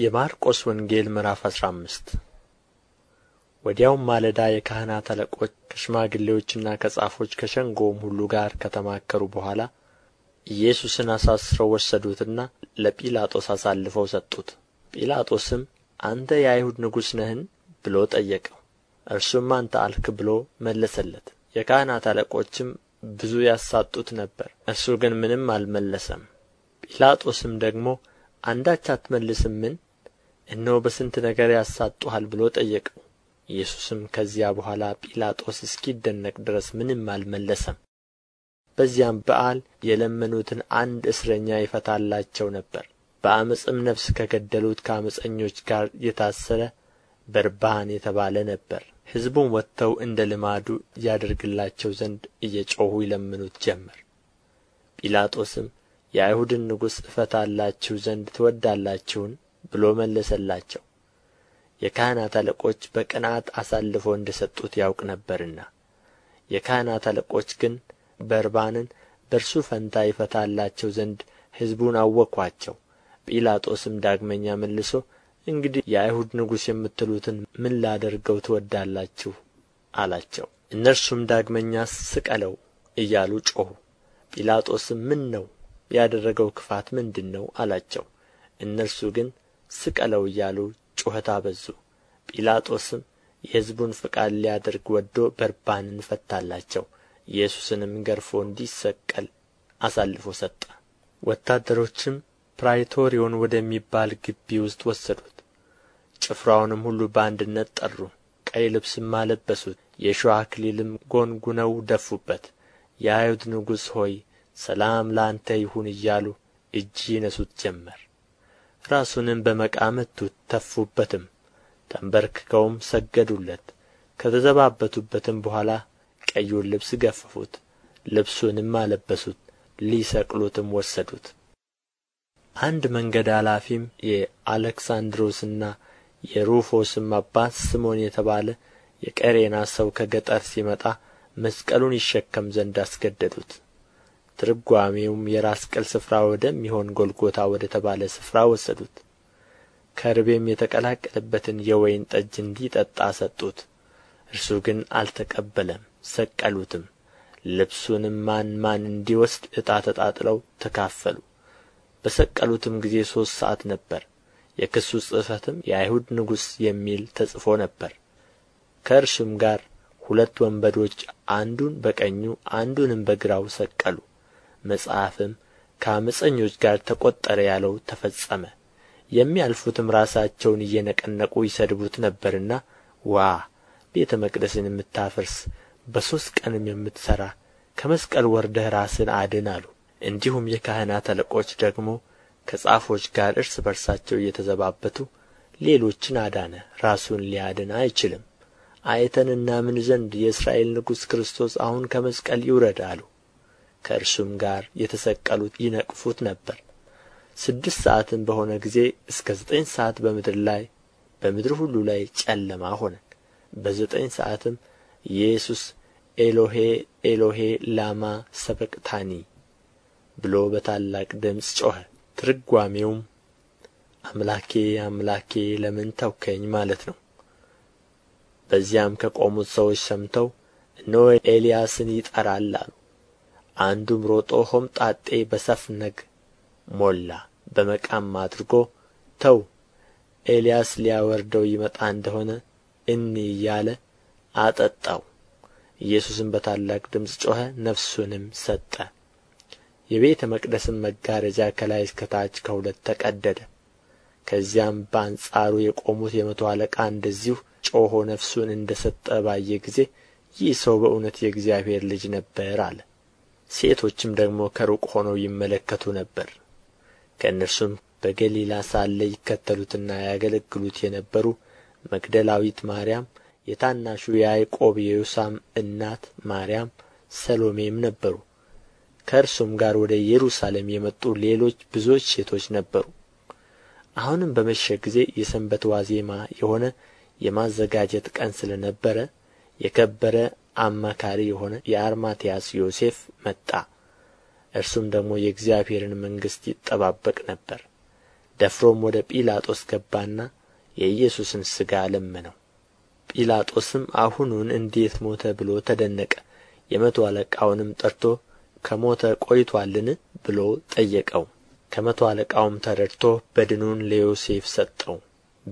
የማርቆስ ወንጌል ምዕራፍ 15 ወዲያውም ማለዳ የካህናት አለቆች ከሽማግሌዎችና ከጻፎች ከሸንጎውም ሁሉ ጋር ከተማከሩ በኋላ ኢየሱስን አሳስረው ወሰዱትና ለጲላጦስ አሳልፈው ሰጡት። ጲላጦስም አንተ የአይሁድ ንጉሥ ነህን ብሎ ጠየቀው። እርሱም አንተ አልክ ብሎ መለሰለት። የካህናት አለቆችም ብዙ ያሳጡት ነበር፣ እርሱ ግን ምንም አልመለሰም። ጲላጦስም ደግሞ አንዳች አትመልስምን እነሆ በስንት ነገር ያሳጡሃል ብሎ ጠየቀው ኢየሱስም ከዚያ በኋላ ጲላጦስ እስኪደነቅ ድረስ ምንም አልመለሰም በዚያም በዓል የለመኑትን አንድ እስረኛ ይፈታላቸው ነበር በአመፅም ነፍስ ከገደሉት ከአመፀኞች ጋር የታሰረ በርባን የተባለ ነበር። ሕዝቡም ወጥተው እንደ ልማዱ ያደርግላቸው ዘንድ እየጮኹ ይለምኑት ጀመር። ጲላጦስም የአይሁድን ንጉሥ እፈታላችሁ ዘንድ ትወዳላችሁን ብሎ መለሰላቸው የካህናት አለቆች በቅንዓት አሳልፎ እንደ ሰጡት ያውቅ ነበርና የካህናት አለቆች ግን በርባንን በእርሱ ፈንታ ይፈታላቸው ዘንድ ሕዝቡን አወኳቸው። ጲላጦስም ዳግመኛ መልሶ እንግዲህ የአይሁድ ንጉሥ የምትሉትን ምን ላደርገው ትወዳላችሁ አላቸው። እነርሱም ዳግመኛ ስቀለው እያሉ ጮኹ። ጲላጦስም ምን ነው ያደረገው ክፋት ምንድን ነው አላቸው እነርሱ ግን ስቀለው እያሉ ጩኸት አበዙ ጲላጦስም የሕዝቡን ፈቃድ ሊያደርግ ወዶ በርባንን ፈታላቸው ኢየሱስንም ገርፎ እንዲሰቀል አሳልፎ ሰጠ ወታደሮችም ፕራይቶሪዮን ወደሚባል ግቢ ውስጥ ወሰዱት ጭፍራውንም ሁሉ በአንድነት ጠሩ ቀይ ልብስም አለበሱት የእሾህ አክሊልም ጎንጉነው ደፉበት የአይሁድ ንጉሥ ሆይ ሰላም ለአንተ ይሁን እያሉ እጅ ይነሱት ጀመር ራሱንም በመቃ መቱት ተፉበትም ተንበርክከውም ሰገዱለት ከተዘባበቱበትም በኋላ ቀዩን ልብስ ገፈፉት ልብሱንም አለበሱት ሊሰቅሉትም ወሰዱት አንድ መንገድ አላፊም የአሌክሳንድሮስና የሩፎስም አባት ስሞን የተባለ የቀሬና ሰው ከገጠር ሲመጣ መስቀሉን ይሸከም ዘንድ አስገደዱት ትርጓሜውም የራስ ቅል ስፍራ ወደሚሆን ጎልጎታ ወደ ተባለ ስፍራ ወሰዱት ከርቤም የተቀላቀለበትን የወይን ጠጅ እንዲጠጣ ሰጡት እርሱ ግን አልተቀበለም ሰቀሉትም ልብሱንም ማን ማን እንዲወስድ ዕጣ ተጣጥለው ተካፈሉ በሰቀሉትም ጊዜ ሦስት ሰዓት ነበር የክሱ ጽሕፈትም የአይሁድ ንጉሥ የሚል ተጽፎ ነበር ከእርሱም ጋር ሁለት ወንበዶች አንዱን በቀኙ አንዱንም በግራው ሰቀሉ መጽሐፍም ከአመፀኞች ጋር ተቈጠረ ያለው ተፈጸመ የሚያልፉትም ራሳቸውን እየነቀነቁ ይሰድቡት ነበርና ዋ ቤተ መቅደስን የምታፈርስ በሦስት ቀንም የምትሠራ ከመስቀል ወርደህ ራስን አድን አሉ እንዲሁም የካህናት አለቆች ደግሞ ከጻፎች ጋር እርስ በርሳቸው እየተዘባበቱ ሌሎችን አዳነ ራሱን ሊያድን አይችልም አይተን እናምን ዘንድ የእስራኤል ንጉሥ ክርስቶስ አሁን ከመስቀል ይውረድ አሉ ከእርሱም ጋር የተሰቀሉት ይነቅፉት ነበር ስድስት ሰዓትም በሆነ ጊዜ እስከ ዘጠኝ ሰዓት በምድር ላይ በምድር ሁሉ ላይ ጨለማ ሆነ በዘጠኝ ሰዓትም ኢየሱስ ኤሎሄ ኤሎሄ ላማ ሰበቅታኒ ብሎ በታላቅ ድምፅ ጮኸ። ትርጓሜውም አምላኬ አምላኬ ለምን ተውከኝ ማለት ነው። በዚያም ከቆሙት ሰዎች ሰምተው እነሆ ኤልያስን ይጠራል አሉ። አንዱም ሮጦ ሆምጣጤ በሰፍነግ ሞላ በመቃም አድርጎ ተው ኤልያስ ሊያወርደው ይመጣ እንደሆነ እኒ እያለ አጠጣው ኢየሱስም በታላቅ ድምፅ ጮኸ ነፍሱንም ሰጠ የቤተ መቅደስም መጋረጃ ከላይ እስከ ታች ከሁለት ተቀደደ ከዚያም በአንጻሩ የቆሙት የመቶ አለቃ እንደዚሁ ጮሆ ነፍሱን እንደ ሰጠ ባየ ጊዜ ይህ ሰው በእውነት የእግዚአብሔር ልጅ ነበር አለ ሴቶችም ደግሞ ከሩቅ ሆነው ይመለከቱ ነበር ከእነርሱም በገሊላ ሳለ ይከተሉትና ያገለግሉት የነበሩ መግደላዊት ማርያም የታናሹ የያዕቆብ የዮሳም እናት ማርያም ሰሎሜም ነበሩ ከእርሱም ጋር ወደ ኢየሩሳሌም የመጡ ሌሎች ብዙዎች ሴቶች ነበሩ አሁንም በመሸ ጊዜ የሰንበት ዋዜማ የሆነ የማዘጋጀት ቀን ስለ ነበረ የከበረ አማካሪ የሆነ የአርማትያስ ዮሴፍ መጣ እርሱም ደግሞ የእግዚአብሔርን መንግሥት ይጠባበቅ ነበር ደፍሮም ወደ ጲላጦስ ገባና የኢየሱስን ሥጋ ለመነው ጲላጦስም አሁኑን እንዴት ሞተ ብሎ ተደነቀ የመቶ አለቃውንም ጠርቶ ከሞተ ቆይቶአልን ብሎ ጠየቀው ከመቶ አለቃውም ተረድቶ በድኑን ለዮሴፍ ሰጠው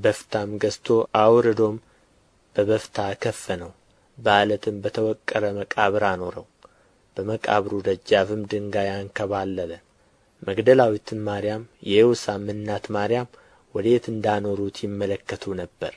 በፍታም ገዝቶ አውርዶም በበፍታ ከፈነው በዓለትም በተወቀረ መቃብር አኖረው በመቃብሩ ደጃፍም ድንጋይ አንከባለለ መግደላዊትም ማርያም የዮሳም እናት ማርያም ወዴት እንዳኖሩት ይመለከቱ ነበር